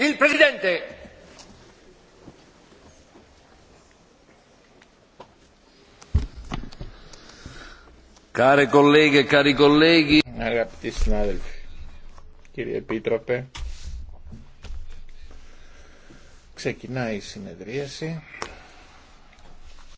Il Presidente. Care colleghe, cari colleghi. Αγαπητοί συνάδελφοι, κύριε Επίτροπε, ξεκινάει η συνεδρίαση.